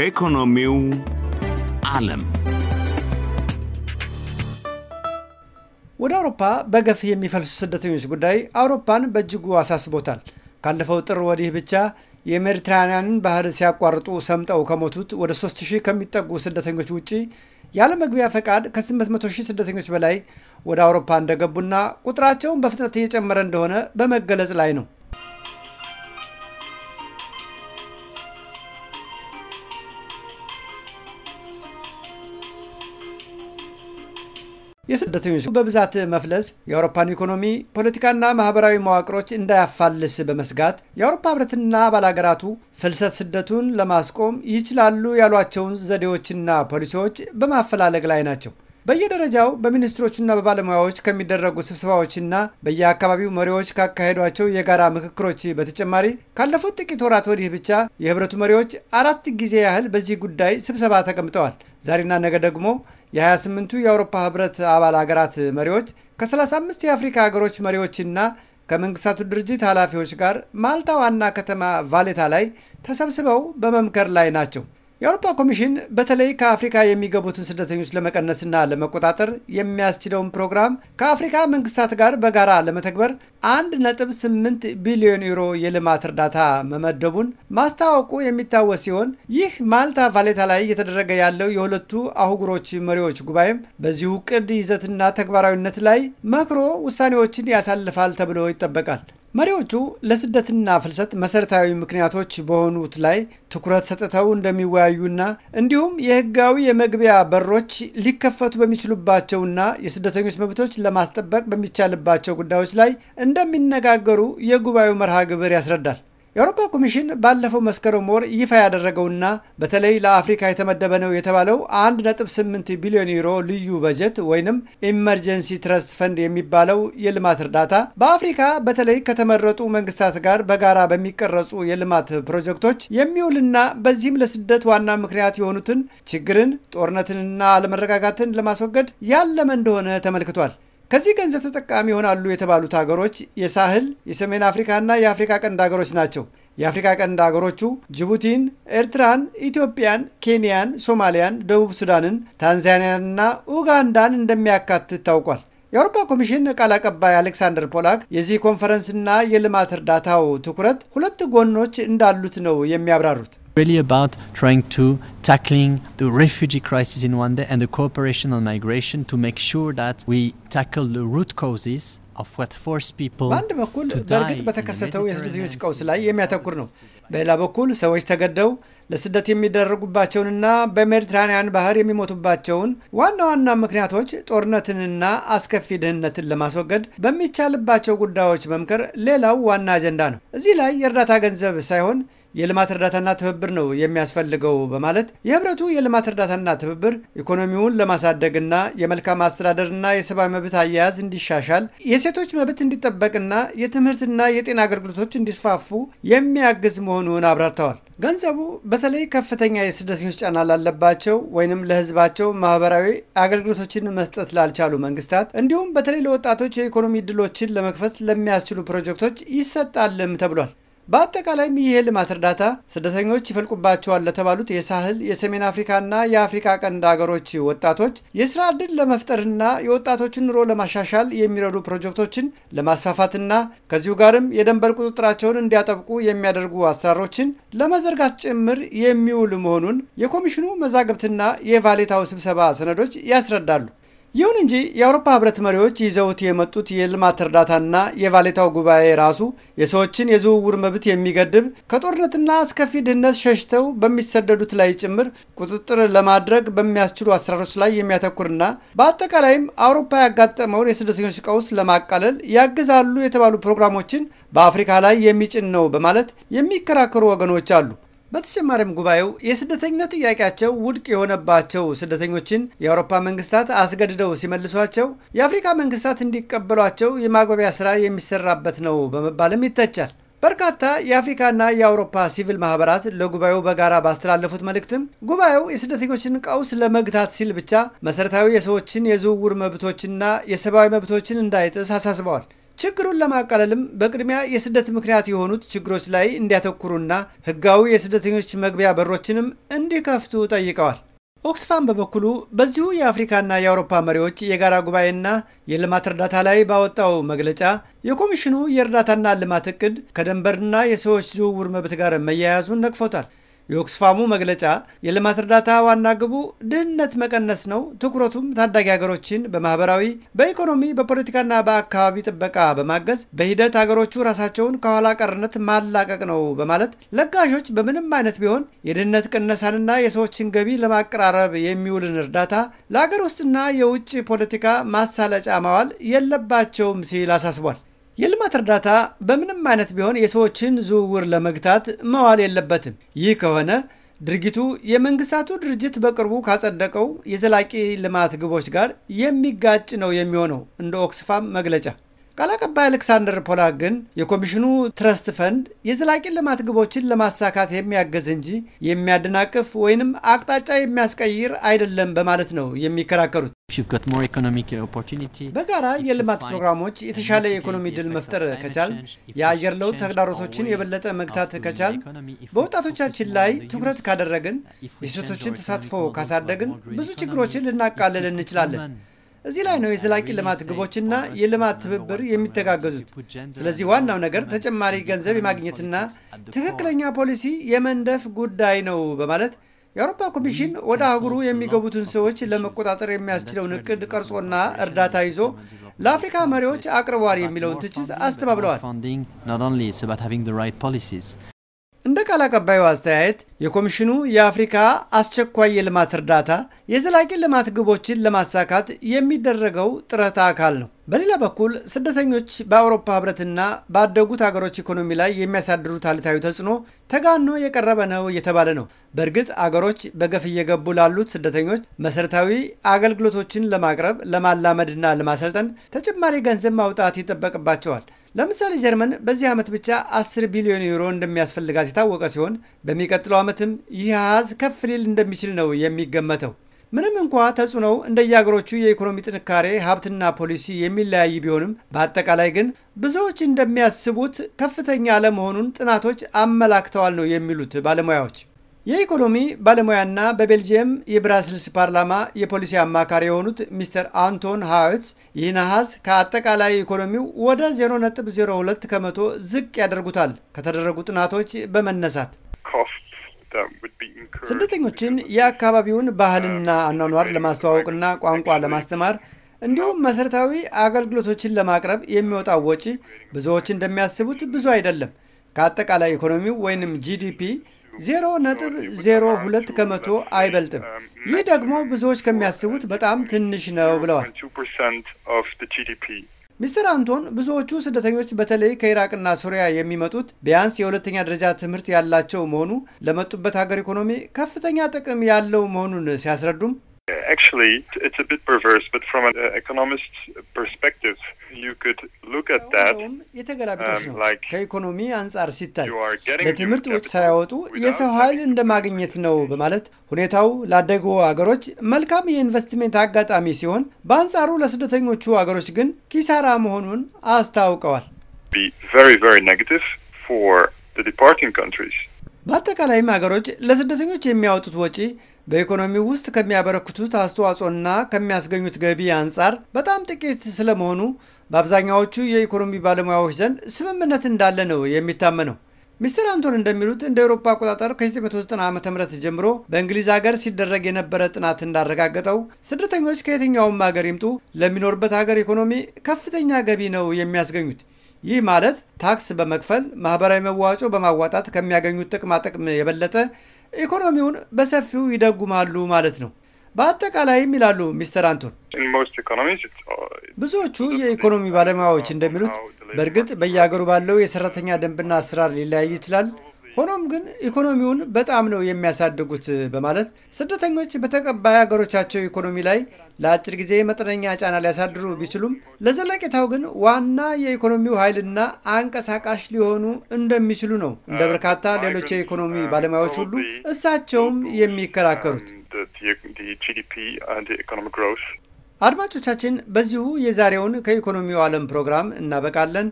ከኢኮኖሚው ዓለም ወደ አውሮፓ በገፍ የሚፈልሱ ስደተኞች ጉዳይ አውሮፓን በእጅጉ አሳስቦታል። ካለፈው ጥር ወዲህ ብቻ የሜዲትራንያንን ባህር ሲያቋርጡ ሰምጠው ከሞቱት ወደ ሺህ ከሚጠጉ ስደተኞች ውጪ ያለ መግቢያ ፈቃድ ከ800ሺህ ስደተኞች በላይ ወደ አውሮፓ እንደገቡና ቁጥራቸውን በፍጥነት እየጨመረ እንደሆነ በመገለጽ ላይ ነው። የስደተኞች በብዛት መፍለስ የአውሮፓን ኢኮኖሚ፣ ፖለቲካና ማህበራዊ መዋቅሮች እንዳያፋልስ በመስጋት የአውሮፓ ህብረትና አባል ሀገራቱ ፍልሰት ስደቱን ለማስቆም ይችላሉ ያሏቸውን ዘዴዎችና ፖሊሲዎች በማፈላለግ ላይ ናቸው። በየደረጃው በሚኒስትሮችና በባለሙያዎች ከሚደረጉ ስብሰባዎችና በየአካባቢው መሪዎች ካካሄዷቸው የጋራ ምክክሮች በተጨማሪ ካለፉት ጥቂት ወራት ወዲህ ብቻ የህብረቱ መሪዎች አራት ጊዜ ያህል በዚህ ጉዳይ ስብሰባ ተቀምጠዋል። ዛሬና ነገ ደግሞ የ28ቱ የአውሮፓ ህብረት አባል አገራት መሪዎች ከ35 የአፍሪካ ሀገሮች መሪዎችና ከመንግስታቱ ድርጅት ኃላፊዎች ጋር ማልታ ዋና ከተማ ቫሌታ ላይ ተሰብስበው በመምከር ላይ ናቸው። የአውሮፓ ኮሚሽን በተለይ ከአፍሪካ የሚገቡትን ስደተኞች ለመቀነስና ለመቆጣጠር የሚያስችለውን ፕሮግራም ከአፍሪካ መንግስታት ጋር በጋራ ለመተግበር 1.8 ቢሊዮን ዩሮ የልማት እርዳታ መመደቡን ማስታወቁ የሚታወስ ሲሆን ይህ ማልታ ቫሌታ ላይ እየተደረገ ያለው የሁለቱ አህጉሮች መሪዎች ጉባኤም በዚሁ ቅድ ይዘትና ተግባራዊነት ላይ መክሮ ውሳኔዎችን ያሳልፋል ተብሎ ይጠበቃል። መሪዎቹ ለስደትና ፍልሰት መሰረታዊ ምክንያቶች በሆኑት ላይ ትኩረት ሰጥተው እንደሚወያዩና እንዲሁም የህጋዊ የመግቢያ በሮች ሊከፈቱ በሚችሉባቸውና የስደተኞች መብቶች ለማስጠበቅ በሚቻልባቸው ጉዳዮች ላይ እንደሚነጋገሩ የጉባኤው መርሃ ግብር ያስረዳል። የአውሮፓ ኮሚሽን ባለፈው መስከረም ወር ይፋ ያደረገውና በተለይ ለአፍሪካ የተመደበ ነው የተባለው 1.8 ቢሊዮን ዩሮ ልዩ በጀት ወይንም ኢመርጀንሲ ትረስት ፈንድ የሚባለው የልማት እርዳታ በአፍሪካ በተለይ ከተመረጡ መንግስታት ጋር በጋራ በሚቀረጹ የልማት ፕሮጀክቶች የሚውልና በዚህም ለስደት ዋና ምክንያት የሆኑትን ችግርን፣ ጦርነትንና አለመረጋጋትን ለማስወገድ ያለመ እንደሆነ ተመልክቷል። ከዚህ ገንዘብ ተጠቃሚ ይሆናሉ የተባሉት ሀገሮች የሳህል፣ የሰሜን አፍሪካና የአፍሪካ ቀንድ ሀገሮች ናቸው። የአፍሪካ ቀንድ ሀገሮቹ ጅቡቲን፣ ኤርትራን፣ ኢትዮጵያን፣ ኬንያን፣ ሶማሊያን፣ ደቡብ ሱዳንን፣ ታንዛኒያንና ኡጋንዳን እንደሚያካትት ታውቋል። የአውሮፓ ኮሚሽን ቃል አቀባይ አሌክሳንደር ፖላክ የዚህ ኮንፈረንስና የልማት እርዳታው ትኩረት ሁለት ጎኖች እንዳሉት ነው የሚያብራሩት። really about trying to tackling the refugee crisis in Rwanda and the cooperation on migration to make sure that we tackle the root causes of what forced people በአንድ በኩል በእርግጥ በተከሰተው የስደተኞች ቀውስ ላይ የሚያተኩር ነው። በሌላ በኩል ሰዎች ተገደው ለስደት የሚደረጉባቸውንና በሜዲትራንያን ባህር የሚሞቱባቸውን ዋና ዋና ምክንያቶች ጦርነትንና አስከፊ ድህነትን ለማስወገድ በሚቻልባቸው ጉዳዮች መምከር ሌላው ዋና አጀንዳ ነው። እዚህ ላይ የእርዳታ ገንዘብ ሳይሆን የልማት እርዳታና ትብብር ነው የሚያስፈልገው በማለት የህብረቱ የልማት እርዳታና ትብብር ኢኮኖሚውን ለማሳደግና የመልካም አስተዳደርና የሰብአዊ መብት አያያዝ እንዲሻሻል፣ የሴቶች መብት እንዲጠበቅና የትምህርትና የጤና አገልግሎቶች እንዲስፋፉ የሚያግዝ መሆኑን አብራርተዋል። ገንዘቡ በተለይ ከፍተኛ የስደተኞች ጫና ላለባቸው ወይንም ለህዝባቸው ማህበራዊ አገልግሎቶችን መስጠት ላልቻሉ መንግስታት እንዲሁም በተለይ ለወጣቶች የኢኮኖሚ እድሎችን ለመክፈት ለሚያስችሉ ፕሮጀክቶች ይሰጣልም ተብሏል። በአጠቃላይም ይህ የልማት እርዳታ ስደተኞች ይፈልቁባቸዋል ለተባሉት የሳህል የሰሜን አፍሪካና የአፍሪካ ቀንድ አገሮች ወጣቶች የስራ ዕድል ለመፍጠርና የወጣቶችን ኑሮ ለማሻሻል የሚረዱ ፕሮጀክቶችን ለማስፋፋትና ከዚሁ ጋርም የደንበር ቁጥጥራቸውን እንዲያጠብቁ የሚያደርጉ አሰራሮችን ለመዘርጋት ጭምር የሚውል መሆኑን የኮሚሽኑ መዛግብትና የቫሌታው ስብሰባ ሰነዶች ያስረዳሉ። ይሁን እንጂ የአውሮፓ ህብረት መሪዎች ይዘውት የመጡት የልማት እርዳታና የቫሌታው ጉባኤ ራሱ የሰዎችን የዝውውር መብት የሚገድብ ከጦርነትና አስከፊ ድህነት ሸሽተው በሚሰደዱት ላይ ጭምር ቁጥጥር ለማድረግ በሚያስችሉ አሰራሮች ላይ የሚያተኩርና በአጠቃላይም አውሮፓ ያጋጠመውን የስደተኞች ቀውስ ለማቃለል ያግዛሉ የተባሉ ፕሮግራሞችን በአፍሪካ ላይ የሚጭን ነው በማለት የሚከራከሩ ወገኖች አሉ። በተጨማሪም ጉባኤው የስደተኝነት ጥያቄያቸው ውድቅ የሆነባቸው ስደተኞችን የአውሮፓ መንግስታት አስገድደው ሲመልሷቸው የአፍሪካ መንግስታት እንዲቀበሏቸው የማግባቢያ ስራ የሚሰራበት ነው በመባልም ይተቻል። በርካታ የአፍሪካና የአውሮፓ ሲቪል ማህበራት ለጉባኤው በጋራ ባስተላለፉት መልእክትም ጉባኤው የስደተኞችን ቀውስ ለመግታት ሲል ብቻ መሰረታዊ የሰዎችን የዝውውር መብቶችና የሰብአዊ መብቶችን እንዳይጥስ አሳስበዋል። ችግሩን ለማቃለልም በቅድሚያ የስደት ምክንያት የሆኑት ችግሮች ላይ እንዲያተኩሩና ህጋዊ የስደተኞች መግቢያ በሮችንም እንዲከፍቱ ጠይቀዋል። ኦክስፋም በበኩሉ በዚሁ የአፍሪካና የአውሮፓ መሪዎች የጋራ ጉባኤና የልማት እርዳታ ላይ ባወጣው መግለጫ የኮሚሽኑ የእርዳታና ልማት እቅድ ከደንበርና የሰዎች ዝውውር መብት ጋር መያያዙን ነቅፎታል። የኦክስፋሙ መግለጫ የልማት እርዳታ ዋና ግቡ ድህነት መቀነስ ነው። ትኩረቱም ታዳጊ ሀገሮችን በማህበራዊ፣ በኢኮኖሚ፣ በፖለቲካና በአካባቢ ጥበቃ በማገዝ በሂደት ሀገሮቹ ራሳቸውን ከኋላ ቀርነት ማላቀቅ ነው በማለት ለጋሾች በምንም አይነት ቢሆን የድህነት ቅነሳንና የሰዎችን ገቢ ለማቀራረብ የሚውልን እርዳታ ለሀገር ውስጥና የውጭ ፖለቲካ ማሳለጫ ማዋል የለባቸውም ሲል አሳስቧል። የልማት እርዳታ በምንም አይነት ቢሆን የሰዎችን ዝውውር ለመግታት መዋል የለበትም። ይህ ከሆነ ድርጊቱ የመንግስታቱ ድርጅት በቅርቡ ካጸደቀው የዘላቂ ልማት ግቦች ጋር የሚጋጭ ነው የሚሆነው እንደ ኦክስፋም መግለጫ ቃል አቀባይ አሌክሳንደር ፖላክ ግን የኮሚሽኑ ትረስት ፈንድ የዘላቂ ልማት ግቦችን ለማሳካት የሚያገዝ እንጂ የሚያደናቅፍ ወይንም አቅጣጫ የሚያስቀይር አይደለም በማለት ነው የሚከራከሩት። በጋራ የልማት ፕሮግራሞች የተሻለ የኢኮኖሚ ድል መፍጠር ከቻል፣ የአየር ለውጥ ተግዳሮቶችን የበለጠ መግታት ከቻል፣ በወጣቶቻችን ላይ ትኩረት ካደረግን፣ uh, የሴቶችን ተሳትፎ ካሳደግን ብዙ ችግሮችን ልናቃልል እንችላለን። እዚህ ላይ ነው የዘላቂ ልማት ግቦችና የልማት ትብብር የሚተጋገዙት። ስለዚህ ዋናው ነገር ተጨማሪ ገንዘብ የማግኘትና ትክክለኛ ፖሊሲ የመንደፍ ጉዳይ ነው በማለት የአውሮፓ ኮሚሽን ወደ አህጉሩ የሚገቡትን ሰዎች ለመቆጣጠር የሚያስችለውን እቅድ ቀርጾና እርዳታ ይዞ ለአፍሪካ መሪዎች አቅርቧል የሚለውን ትችት አስተባብለዋል። እንደ ቃል አቀባዩ አስተያየት የኮሚሽኑ የአፍሪካ አስቸኳይ የልማት እርዳታ የዘላቂ ልማት ግቦችን ለማሳካት የሚደረገው ጥረት አካል ነው። በሌላ በኩል ስደተኞች በአውሮፓ ህብረትና ባደጉት አገሮች ኢኮኖሚ ላይ የሚያሳድሩት አሉታዊ ተጽዕኖ ተጋኖ የቀረበ ነው እየተባለ ነው። በእርግጥ አገሮች በገፍ እየገቡ ላሉት ስደተኞች መሰረታዊ አገልግሎቶችን ለማቅረብ ለማላመድና ለማሰልጠን ተጨማሪ ገንዘብ ማውጣት ይጠበቅባቸዋል። ለምሳሌ ጀርመን በዚህ ዓመት ብቻ 10 ቢሊዮን ዩሮ እንደሚያስፈልጋት የታወቀ ሲሆን በሚቀጥለው ዓመትም ይህ አሃዝ ከፍ ሊል እንደሚችል ነው የሚገመተው። ምንም እንኳ ተጽዕኖው እንደየአገሮቹ የኢኮኖሚ ጥንካሬ፣ ሀብትና ፖሊሲ የሚለያይ ቢሆንም በአጠቃላይ ግን ብዙዎች እንደሚያስቡት ከፍተኛ አለመሆኑን ጥናቶች አመላክተዋል ነው የሚሉት ባለሙያዎች። የኢኮኖሚ ባለሙያና በቤልጅየም የብራስልስ ፓርላማ የፖሊሲ አማካሪ የሆኑት ሚስተር አንቶን ሃዮትስ ይህ ነሐስ ከአጠቃላይ ኢኮኖሚው ወደ 0.02 ከመቶ ዝቅ ያደርጉታል ከተደረጉ ጥናቶች በመነሳት ስደተኞችን የአካባቢውን ባህልና አኗኗር ለማስተዋወቅና ቋንቋ ለማስተማር እንዲሁም መሰረታዊ አገልግሎቶችን ለማቅረብ የሚወጣው ወጪ ብዙዎች እንደሚያስቡት ብዙ አይደለም። ከአጠቃላይ ኢኮኖሚው ወይንም ጂዲፒ ዜሮ ነጥብ ዜሮ ሁለት ከመቶ አይበልጥም። ይህ ደግሞ ብዙዎች ከሚያስቡት በጣም ትንሽ ነው ብለዋል ሚስተር አንቶን። ብዙዎቹ ስደተኞች በተለይ ከኢራቅና ሱሪያ የሚመጡት ቢያንስ የሁለተኛ ደረጃ ትምህርት ያላቸው መሆኑ ለመጡበት ሀገር ኢኮኖሚ ከፍተኛ ጥቅም ያለው መሆኑን ሲያስረዱም Actually, it's a bit perverse, but from an uh, economist's perspective, you could look at that. Oh, um, ከኢኮኖሚ አንጻር ሲታይ ለትምህርት ውጭ ሳያወጡ የሰው ኃይል እንደማግኘት ነው በማለት ሁኔታው ላደጉ አገሮች መልካም የኢንቨስትሜንት አጋጣሚ ሲሆን፣ በአንጻሩ ለስደተኞቹ አገሮች ግን ኪሳራ መሆኑን አስታውቀዋል። በአጠቃላይም ሀገሮች ለስደተኞች የሚያወጡት ወጪ በኢኮኖሚ ውስጥ ከሚያበረክቱት አስተዋጽኦና ከሚያስገኙት ገቢ አንጻር በጣም ጥቂት ስለመሆኑ በአብዛኛዎቹ የኢኮኖሚ ባለሙያዎች ዘንድ ስምምነት እንዳለ ነው የሚታመነው። ሚስተር አንቶን እንደሚሉት እንደ ኤውሮፓ አቆጣጠር ከ1990 ዓ ም ጀምሮ በእንግሊዝ ሀገር ሲደረግ የነበረ ጥናት እንዳረጋገጠው ስደተኞች ከየትኛውም ሀገር ይምጡ ለሚኖርበት ሀገር ኢኮኖሚ ከፍተኛ ገቢ ነው የሚያስገኙት። ይህ ማለት ታክስ በመክፈል ማህበራዊ መዋጮ በማዋጣት ከሚያገኙት ጥቅማ ጥቅም የበለጠ ኢኮኖሚውን በሰፊው ይደጉማሉ ማለት ነው። በአጠቃላይም ይላሉ ሚስተር አንቶን፣ uh, ብዙዎቹ የኢኮኖሚ ባለሙያዎች እንደሚሉት በእርግጥ በየሀገሩ ባለው የሰራተኛ ደንብና አሰራር ሊለያይ ይችላል። ሆኖም ግን ኢኮኖሚውን በጣም ነው የሚያሳድጉት በማለት ስደተኞች በተቀባይ ሀገሮቻቸው ኢኮኖሚ ላይ ለአጭር ጊዜ መጠነኛ ጫና ሊያሳድሩ ቢችሉም ለዘለቄታው ግን ዋና የኢኮኖሚው ኃይልና አንቀሳቃሽ ሊሆኑ እንደሚችሉ ነው እንደ በርካታ ሌሎች የኢኮኖሚ ባለሙያዎች ሁሉ እሳቸውም የሚከራከሩት። አድማጮቻችን፣ በዚሁ የዛሬውን ከኢኮኖሚው ዓለም ፕሮግራም እናበቃለን።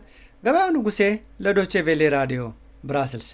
ገበያው ንጉሴ ለዶቼ ቬሌ ራዲዮ ብራስልስ